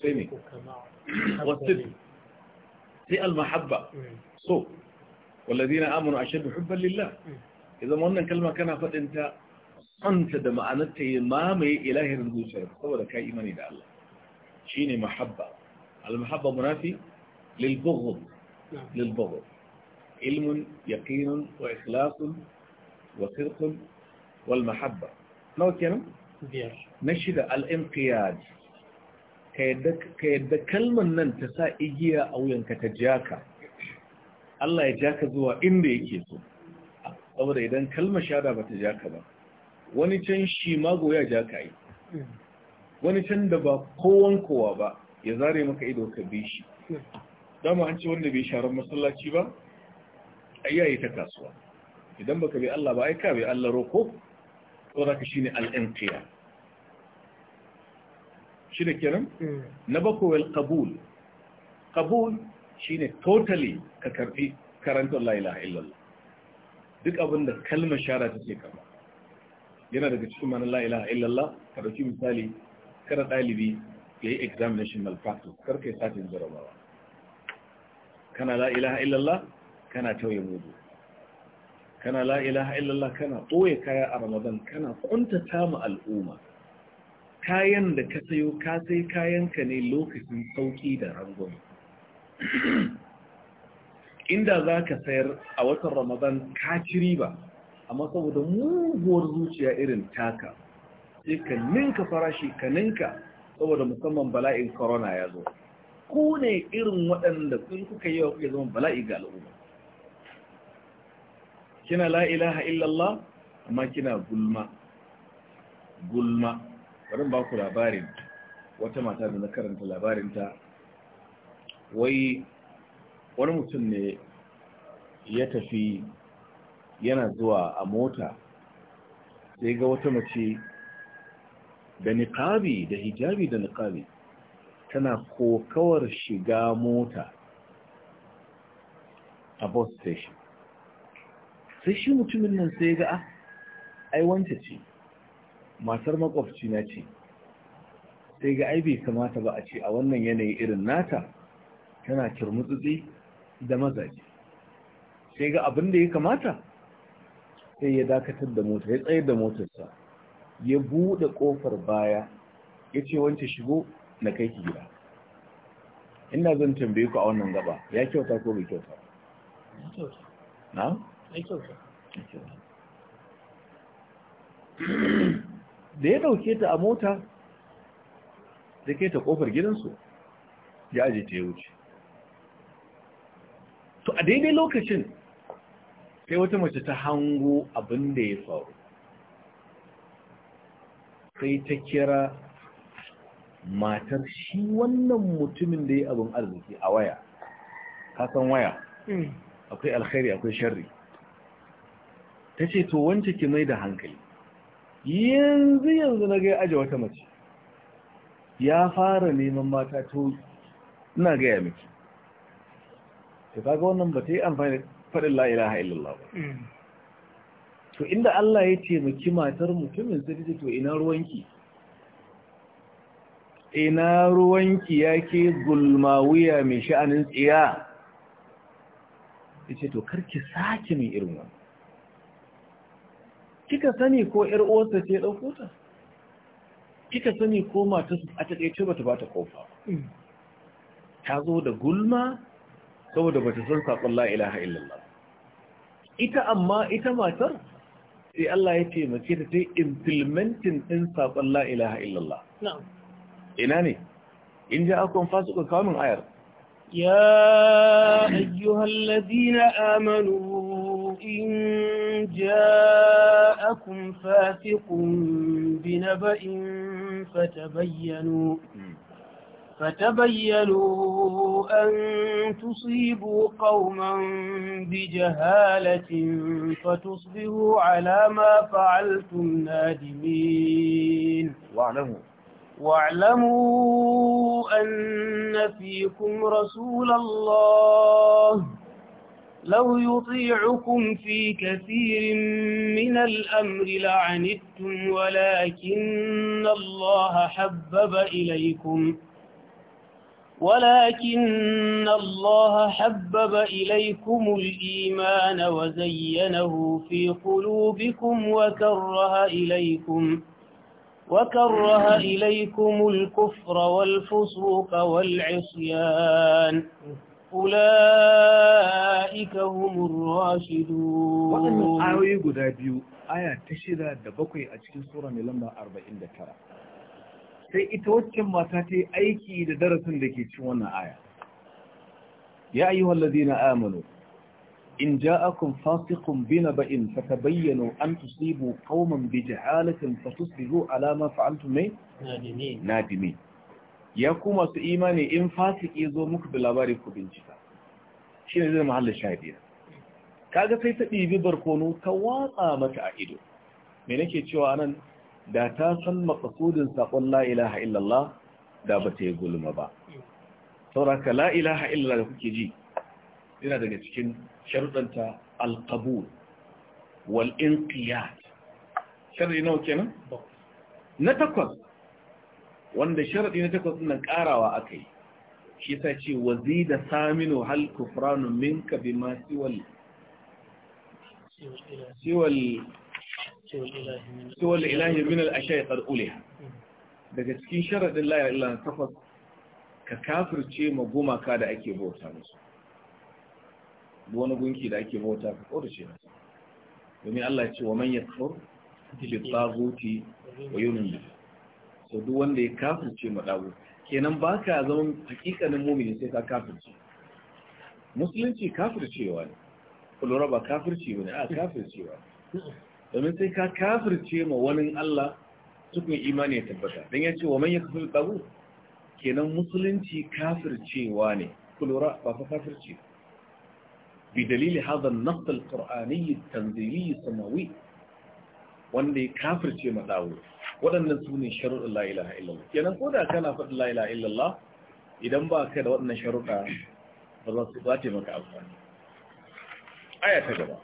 sai ne wasid sai almahabba so walladina amanu ashaddu hubban lillah idan wannan kalma kana fadin ta santa da ma'anarta ya mamaye ilahirin zuciyar saboda kai imani da Allah shine mahabba almahabba munafi lilbughd lilbughd ilmun yaqinun wa ikhlasun وصدق wal nawa kenan biyar na shida al ka yadda kalmar nan ta sa igiya a wuyanka ta jaka Allah ya jaka zuwa inda yake so saboda idan kalmar shada ba ta jaka ba wani can shi mago ya jaka yi wani can da ba kowan kowa ba ya zare maka ido ka bi shi dama an ce wanda bai sharar masallaci ba ayyayi ta kasuwa idan baka bi Allah ba aika, bi Allah roko tsoraka shine al'inqiya shi da kenan hmm. na bakwai qabul qabul shine totally ka karbi karanta la ilaha illallah duk abinda kalmar shara take kama yana daga cikin ma'anar la ilaha illallah ka dauki misali kada dalibi ya yi examination malpractice karka yi satin jarabawa kana la ilaha illallah kana tauye mudu kana la ilaha illallah kana ɓoye kaya a ramadan kana kuntata mu al'umma kayan da ka sayo ka sai kayanka ne lokacin sauki da rangwame inda za ka sayar a watan ramadan ka ci riba amma saboda muguwar zuciya irin taka sai ka ninka farashi ka ninka saboda musamman bala'in corona ya zo ku ne irin waɗanda sun kuka yi wa kuka zama bala'i ga al'umma kina la ilaha illallah amma kina gulma gulma bari ba ku labarin wata mata da na karanta labarinta wai wani mutum ne ya tafi yana zuwa a mota sai ga wata mace da niƙabi da hijabi da niƙabi tana kokawar shiga mota a bus station sai shi mutumin nan sai ga ah, ai ce matar makwabci na ce sai ga ai bai kamata ba a ce a wannan yanayi irin nata tana kirmutsutsi da mazaji sai ga abin da ya kamata sai ya dakatar da mota ya tsayar da motarsa ya buɗe ƙofar baya ya ce wance shigo na kai ki gida ina zan tambaye ku a wannan gaba ya kyauta ko bai kyauta na? da ya dauke ta a mota da ke ta kofar gidansu ya aje ta ya wuce to a daidai lokacin sai wata mace ta hango abin da ya faru sai ta kira matar shi wannan mutumin da ya abin arziki a waya kasan waya mm. akwai alkhairi akwai sharri ta ce to wance ki mai da hankali yanzu yanzu na gaya aje wata mace ya fara neman mata to ina gaya miki ta kaga wannan ba ta yi amfani da faɗin la'ilaha illallah ba mm. to inda Allah ya ce maki matar mutumin sai ta to ina ruwanki ina ruwanki yake gulmawiya mai sha'anin tsiya ya ce to karki sake mai irin wani kika sani ko ƴar uwarsa ce ɗauko ta kika sani ko mata a ta ba ta kofa ta zo da gulma saboda ba ta san saƙon la'ilaha illallah ita amma ita matar sai Allah ya taimake ta ta implementing din sakon la ilaha illallah ina ne in ja akon fasuka kamun ayar ya ayyuhal ladina amanu in جاءكم فاسق بنبأ فتبينوا فتبينوا أن تصيبوا قوما بجهالة فتصبروا على ما فعلتم نادمين واعلموا واعلموا أن فيكم رسول الله لو يطيعكم في كثير من الأمر لعنتم ولكن الله حبب إليكم ولكن الله حبب إليكم الإيمان وزينه في قلوبكم وكره إليكم وكره إليكم الكفر والفسوق والعصيان أولئك هم الراشدون ta آية da bakwai a cikin sura mai lamba arba'in da tara. sai ita waccan mata ta yi aiki da darasin da ke ci wannan aya ya yi wallazi na amano in ba'in ta ta fatabayyanu an tusibu qauman bi jahalatin fatusbihu alama ma fa'altum nadimin ya ku masu imani in fasiki zo muku da labari ku bincika shi ne zai mahalla Ka kaga sai ta ɗibi barkono ta watsa mata a ido me nake cewa nan da ta san makasudin saƙon la'ilaha illallah da ba ta yi gulma ba sauraka la illallah da kuke ji yana daga cikin sharuɗanta alƙabul wal inqiyat nawa kenan na takwas wanda sharaɗi na takwas din nan aka yi, shi yasa ce da saminu hal kufranu minka bi ma siwal siwal ilahi min al ashay qad daga cikin sharaɗin la ilaha takwas ka kafirce ma gumaka da ake bauta musu wani gunki da ake bauta ka kaurace masa domin Allah ce wa man yakfur bi taguti wa yu'min bihi so duk wanda ya kafirce ma dago kenan ba ka zama hakikanin mumini sai ka kafirce musulunci kafircewa ne kulura ba kafirci ne a kafircewa domin sai ka kafirce ma wani Allah tukun imani ya tabbata dan ya ce wa man yakfur dago kenan musulunci kafircewa ne kulura ba fa kafirci dalili هذا النص القرآني التنزيلي samawi wanda ya kafirce madawo waɗannan su ne sharuɗin la ilaha illallah kenan ko da kana faɗin la ilaha illallah idan ba ka da waɗannan sharuɗa ba za su zace maka amfani aya ta gaba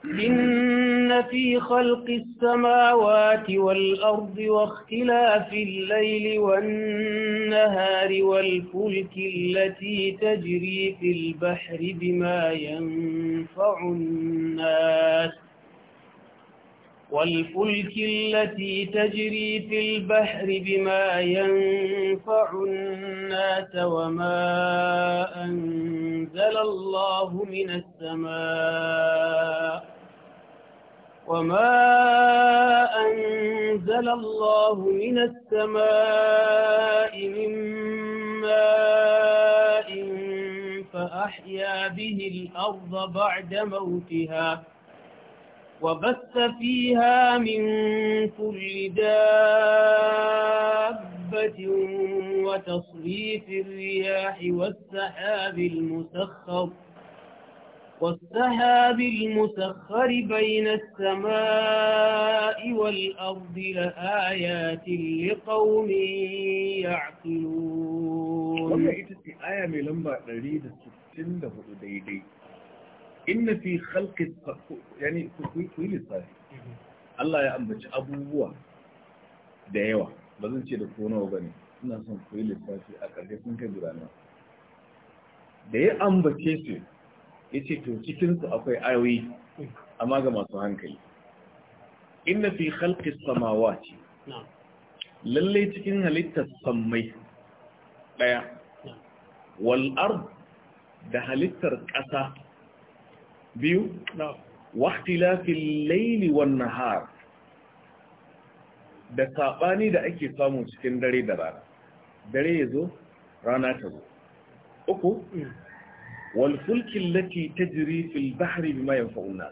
إن في خلق السماوات والأرض واختلاف الليل والنهار والفلك التي تجري في البحر بما ينفع الناس والفلك التي تجري في البحر بما ينفع الناس وما أنزل الله من السماء وما أنزل الله من السماء من ماء فأحيا به الأرض بعد موتها وبث فيها من كل دابة وتصريف الرياح والسحاب المسخر والسحاب المسخر بين السماء والأرض لآيات لقوم يعقلون. inna fi khalqi yani ku yi lissafi Allah ya ambaci abubuwa da yawa ba zan ce da konawa nawa bane ina son ku yi lissafi a ƙarshe sun kai guda da ya ambace su yace to cikin su akwai ayoyi amma ga masu hankali inna fi samawa samawati lalle cikin halittar sammai daya wal ard da halittar ƙasa biyu lafin laili wannan har? da saɓani da ake samun cikin dare da rana dare ya zo rana ta zo uku mm. walfulkin lati ta jiri fil bahari bi mayan fauna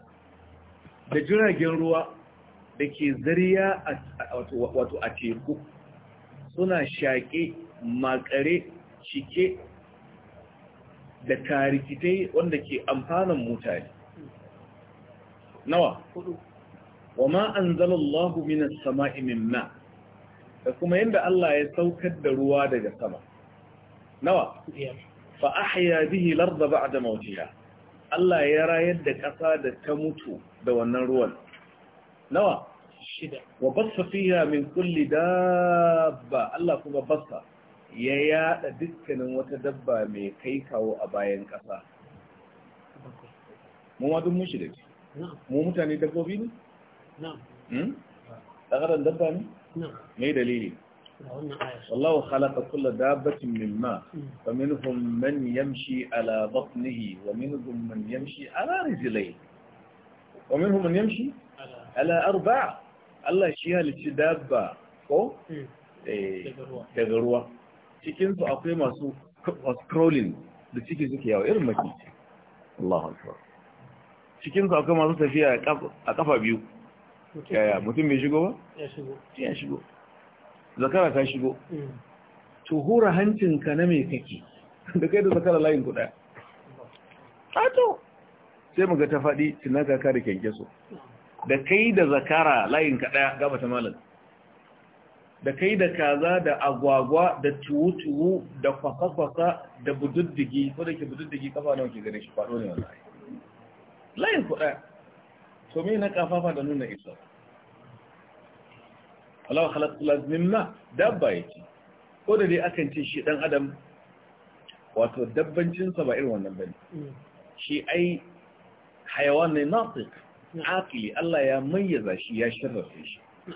da jiragen ruwa da ke zariya wato a teku suna shaƙe makare cike da tarikitai wanda ke amfanin mutane نوى وما أنزل الله من السماء من ماء فكما يندى الله يسوك الدروا دجا سما نوا فأحيا به الأرض بعد موتها الله يرى يدك كسادة تموت دوا النروا نوا وبص فيها من كل دابة الله كما بص يا يا دكن وتدبى مي كيكا وأباين كسا مو ما دمو mu mutane dabbobi ne na'am tsakarar hmm? dabba ne mai dalili والله خلق كل دابة من ماء فمنهم من يمشي wa بطنه ومنهم من ala على wa ومنهم من يمشي ala arba Allah shi halicci dabba ko hmm. eh, daga ruwa cikinsu akwai masu crawling da ciki suke yawo irin maki Allah cikin su akwai masu tafiya a kafa biyu yaya mutum bai shigo ba? ya shigo zakara ta shigo mm. Tuhura hancin hancinka na mai kake da kai da zakara layin kuɗa ato sai muka ta faɗi tunan kaka da kyankyaso da kai da zakara layin kaɗa gaba ta malam da kai da kaza da agwagwa da tuwu-tuwu da kwakwakwaka da bududdigi ko da ke bududdigi kafa nawa ke gane shi faɗo ne wallahi layin ku ɗaya to me na kafafa da nuna isa Allah halatta lazimna dabba ya ko da dai akan ce shi ɗan adam wato dabbancinsa ba irin wannan bane mm. shi ai hayawan ne natik mm. akili Allah ya mayyaza shi ya shirrafe shi mm.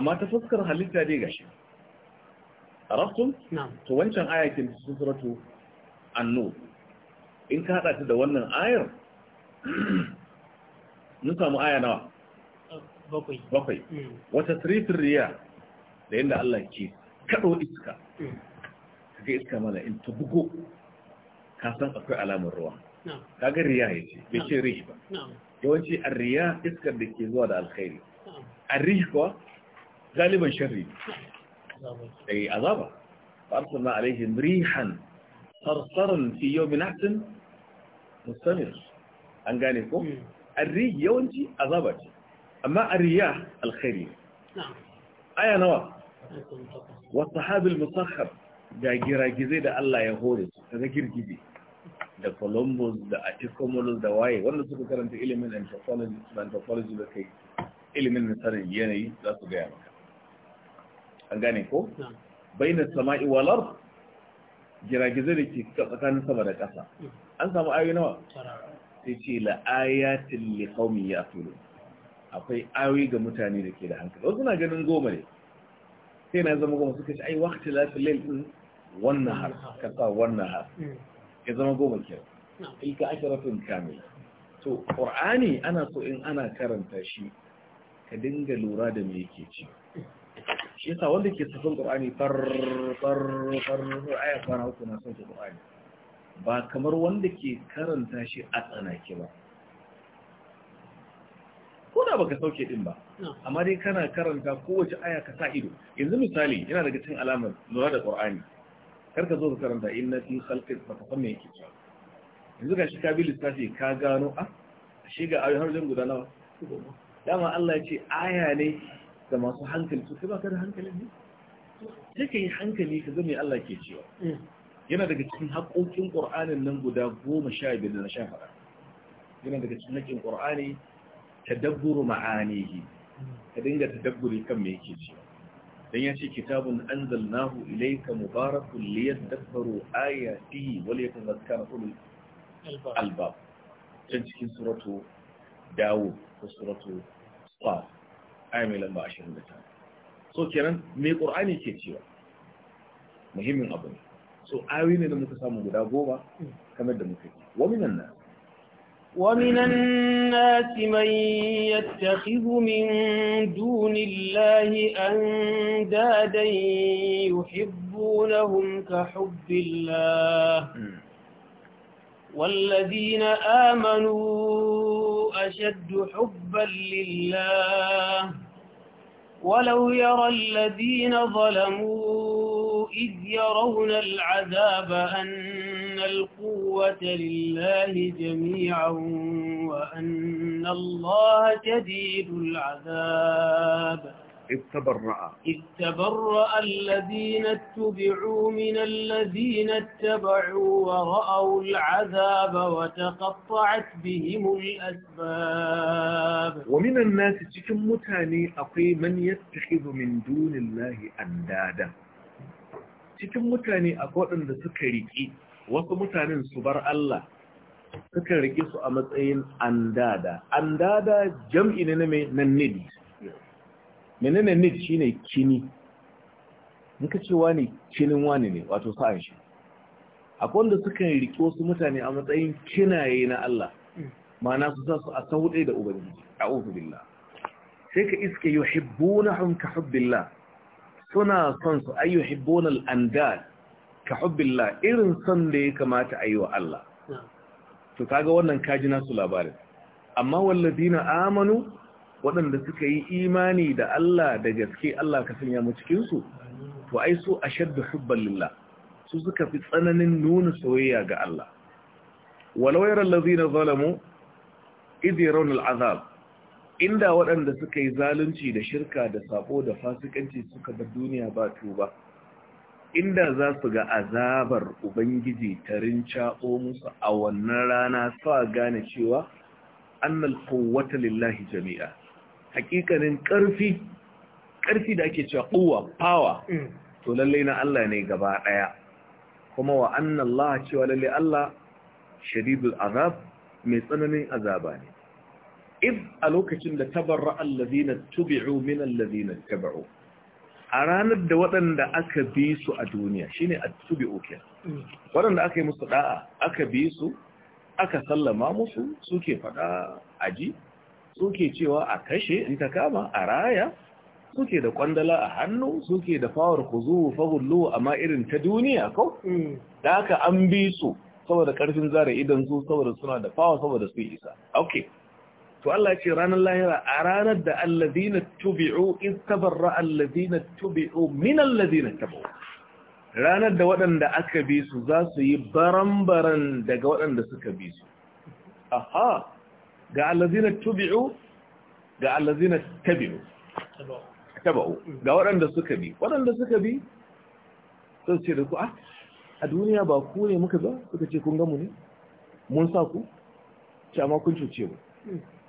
amma ta fuskar halitta dai gashi Rakun, to wancan ayatin cikin suratu annu in ka hada ta da wannan ayar mun samu aya nawa bakwai bakwai wata trifin riya da yadda Allah ke kaɗo iska kaga iska mana in ta bugo ka san akwai alamar ruwa kaga riya ya ce bai ce rihi ba yawanci a riya iskar da ke zuwa da alkhairi a rihi kuwa galiban sharri ai azaba فأرسلنا عليهم ريحا صرصرا في يوم نحس مستمر an gane ko hmm. arri yawanci azaba ce amma arriya alkhairi aya nawa wa habil musakhkhar da giragizai da Allah ya hore su kaga girgije da Columbus da Atikomulus da waye wanda suka karanta ilimin anthropology da kai ilimin nasarar yanayi za su gaya maka an gane ko na sama'i walar ard giragizai da ke tsakanin sama da ƙasa hmm. an samu ayoyi nawa sai ce la ayatin li qaumin akwai ayoyi ga mutane da ke da hankali wasu na ganin goma ne sai na zama goma suka ce ai waqti la fil wannan har ka wannan har ya zama goma kenan ilka asharatun kamila to ƙurani ana so in ana karanta shi ka dinga lura da me yake ci shi yasa wanda ke tafin qur'ani far far far aya kwana uku na son qur'ani ba kamar wanda ke karanta shi a tsanake ba ko da baka sauke din ba amma dai kana karanta kowace aya ka sa ido yanzu misali yana daga cin alamar lura da qur'ani karka zo ka karanta inna fi khalqin fa kafan me yake cewa yanzu ga shi ka lissafi ka gano a ah, shi ga ayu har zan guda nawa dama Allah ya ce aya ne ga masu hankali to kai ka da hankali ne sai yi hankali ka ga me Allah ke cewa mm. yana daga cikin haƙoƙin ƙur'anin nan guda goma sha biyar da na sha faɗa yana daga cikin haƙin ƙur'ani dabburu ma'anihi ka dinga dabburi kan me ke cewa dan ya ce kitabun anzalnahu ilayka mubarakun liyadabbaru ayatihi wa liyatadhakkara ulul albab can cikin suratu dawo ko suratu saf aya mai lamba ta. so kenan me qur'ani ke cewa muhimmin abu ne so ayoyi ne da muka samu guda goma kamar da muka yi wa minan wa minan nasi man yattakhidhu min dunillahi an أندادا yuhibbunahum ka hubbillah والذين آمنوا أشد حبا لله ولو يرى الذين ظلموا إذ يرون العذاب أن القوة لله جميعا وأن الله شديد العذاب إذ تبرأ إذ تبرأ الذين اتبعوا من الذين اتبعوا ورأوا العذاب وتقطعت بهم الأسباب ومن الناس تكمتاني متاني أقي من يتخذ من دون الله أندادا cikin mutane akwai waɗanda suka riƙe wasu mutanen su bar Allah suka riƙe su a matsayin andada andada jam'i ne nan ne ne ne ne shi shine kini ka ce wani kinin wani ne wato sa'an shi akwai wanda suka riƙe wasu mutane a matsayin kinaye na Allah ma'ana su sa su a sauɗe da ubangiji a'udhu billah sai ka iske yuhibbunahum ka hubbillah suna son su ayyu hibbonal andal ka hubbillah irin son da ya kamata a yi wa Allah to kaga wannan kajina su labarin amma wallazina amanu waɗanda suka yi imani da Allah da gaske Allah ka sanya mu cikin su to ai su ashaddu hubban lillah su suka fi tsananin nuna soyayya ga Allah walau allazina zalamu idh yarawna al'azab inda waɗanda suka yi zalunci da shirka da sabo da fasikanci suka bar duniya ba tuba inda za su ga azabar ubangiji tarin caɓo musu a wannan rana sa gane cewa annal quwwata lillahi jami'a hakikanin ƙarfi karfi da ake cewa quwwa power mm. to lalle na Allah ne gaba daya kuma wa annallaha cewa lalle Allah shadidul azab mai tsananin azaba ne id a lokacin da tabarra allazina tubi'u min allazina tabi'u a ranar da waɗanda aka bi su a duniya shine at-tubi'u ke waɗanda aka yi musu ɗa'a aka bi su aka sallama musu suke faɗa aji suke cewa a kashe in ta kama a raya suke da kwandala a hannu suke da fawar kuzu fahullu amma irin ta duniya ko da aka an bi su saboda karfin zara idan su saboda suna da fawa saboda su isa okay to Allah ce ranar lahira a ranar da allazina tubi'u in tabarra allazina tubi'u min allazina tabu ranar da waɗanda aka bi su za su yi baran-baran daga waɗanda suka bi su aha ga allazina tubi'u ga allazina tabi'u taba'u ga waɗanda suka bi waɗanda suka bi sun ce da ku ah, a duniya ba ku ne muka ba suka ce kun gamu ne mun sa ku ce amma kun cuce mu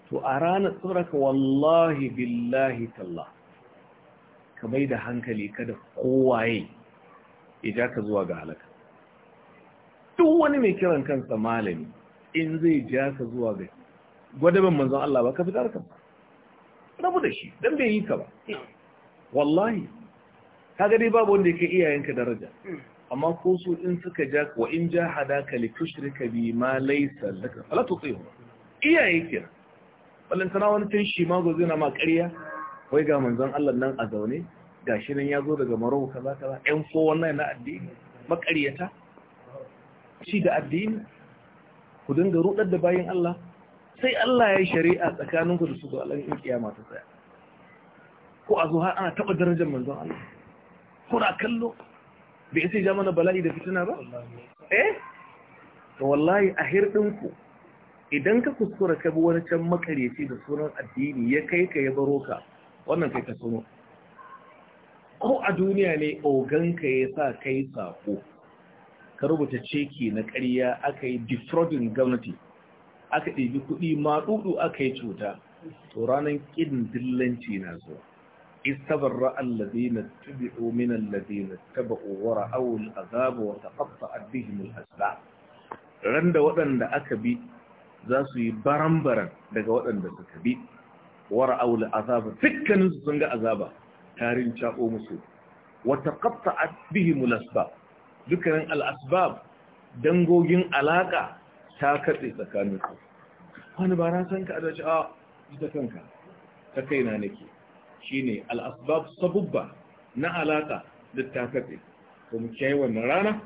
to a ranar tsoraka wallahi billahi talla ka bai da hankali kada kowaye ya ja ka zuwa ga halaka duk wani mai kiran kansa malami in zai ja ka zuwa ga gwadaban manzon Allah ba ka fitar ka ba. rabu da shi dan bai yi ka ba wallahi kaga dai babu wanda yake iyayenka daraja amma ko su in suka ja wa in jahadaka li tushrika bi ma laysa laka fala tuti'u iyaye kenan ballantana wani tun shi mago zai na ma ƙarya wai ga manzon Allah nan a zaune ga shi nan ya zo daga Maroko kaza kaza ɗan ko wannan na addini maƙaryata shi da addini ku dinga rudar da bayin Allah sai Allah ya yi shari'a tsakaninku da su ga Allah in kiyama ta tsaya ko a zo har ana taɓa darajar manzon Allah Ko kuna kallo bai sai ja mana bala'i da fitina ba eh to wallahi a hirɗinku idan ka kuskura ka bi wani can makareci da sunan addini ya kai ka ya baro ka wannan kai ka suno ko a duniya ne oganka ya sa kai sako ka rubuta ceki na ƙarya aka yi defrauding gwamnati aka ɗebi kuɗi maɗuɗu aka yi cuta to ranar ƙin dillanci na zo. zuwa استبرأ الذين اتبعوا من الذين اتبعوا ورأوا العذاب وتقطعت بهم Ran da waɗanda aka bi za su yi baran-baran daga waɗanda suka bi wara aula azaba dukkaninsu sun ga azaba tarin caɓo musu wata kafta bihi mulasba dukkanin al'asbab dangogin alaƙa ta katse tsakaninku wani ba na san ka a a ita kanka ta kaina nake shi ne al'asbab sabubba na alaƙa da ta katse ko mu wannan rana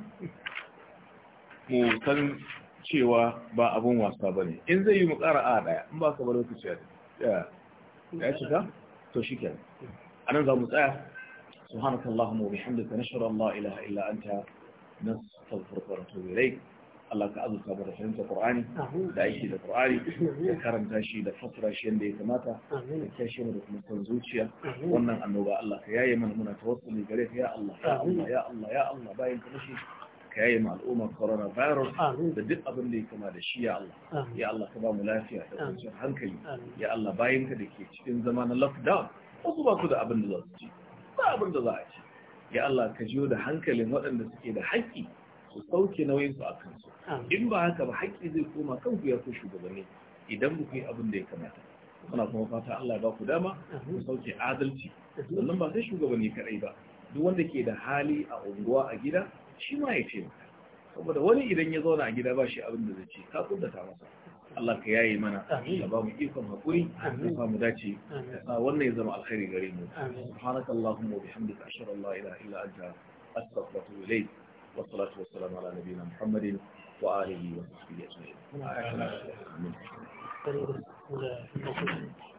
mu san cewa ba abun wasa ba ne in zai yi mukara a daya in ba ka ba lokaci ya cika to shi ke a nan za mu tsaya سبحانك اللهم وبحمدك نشهد ان لا اله الا انت نستغفرك ونتوب اليك Allah ka azurta mu da fahimta Qur'ani da aiki da Qur'ani da karanta shi da fassara shi yadda ya kamata da kyashe mu da kuma san zuciya wannan annoba Allah ka yaye mana muna tawassuli gare ka ya Allah ya Allah ya Allah bayan ka ka yaye ma al'ummar coronavirus da duk abin da ya kama da shi ya Allah ya Allah ka ba mu lafiya da kwanciyar hankali ya Allah ka da ke cikin zama na lockdown wasu ba ku da abin da za su ci ba abin da za a ci ya Allah ka jiyo da hankalin waɗanda suke da haƙƙi su sauke nauyinsu a kansu in ba haka ba haƙƙi zai koma kanku ya ku shugabanni idan ku yi abin da ya kamata muna kuma fata Allah ba ku dama ku sauke adalci sannan ba sai shugabanni kaɗai ba duk wanda ke da hali a unguwa a gida shi ma ya ce saboda wani idan ya zauna a gida ba shi abin da zai ce ka kuntata masa Allah ka yaye mana da ba mu ikon hakuri da ba mu dace da wannan ya zama alkhairi gare mu subhanakallahumma wa bihamdika ashhadu an la ilaha illa anta astaghfiruka wa atubu ilayk wa salatu wa salam ala nabiyyina muhammadin wa alihi wa sahbihi ajma'in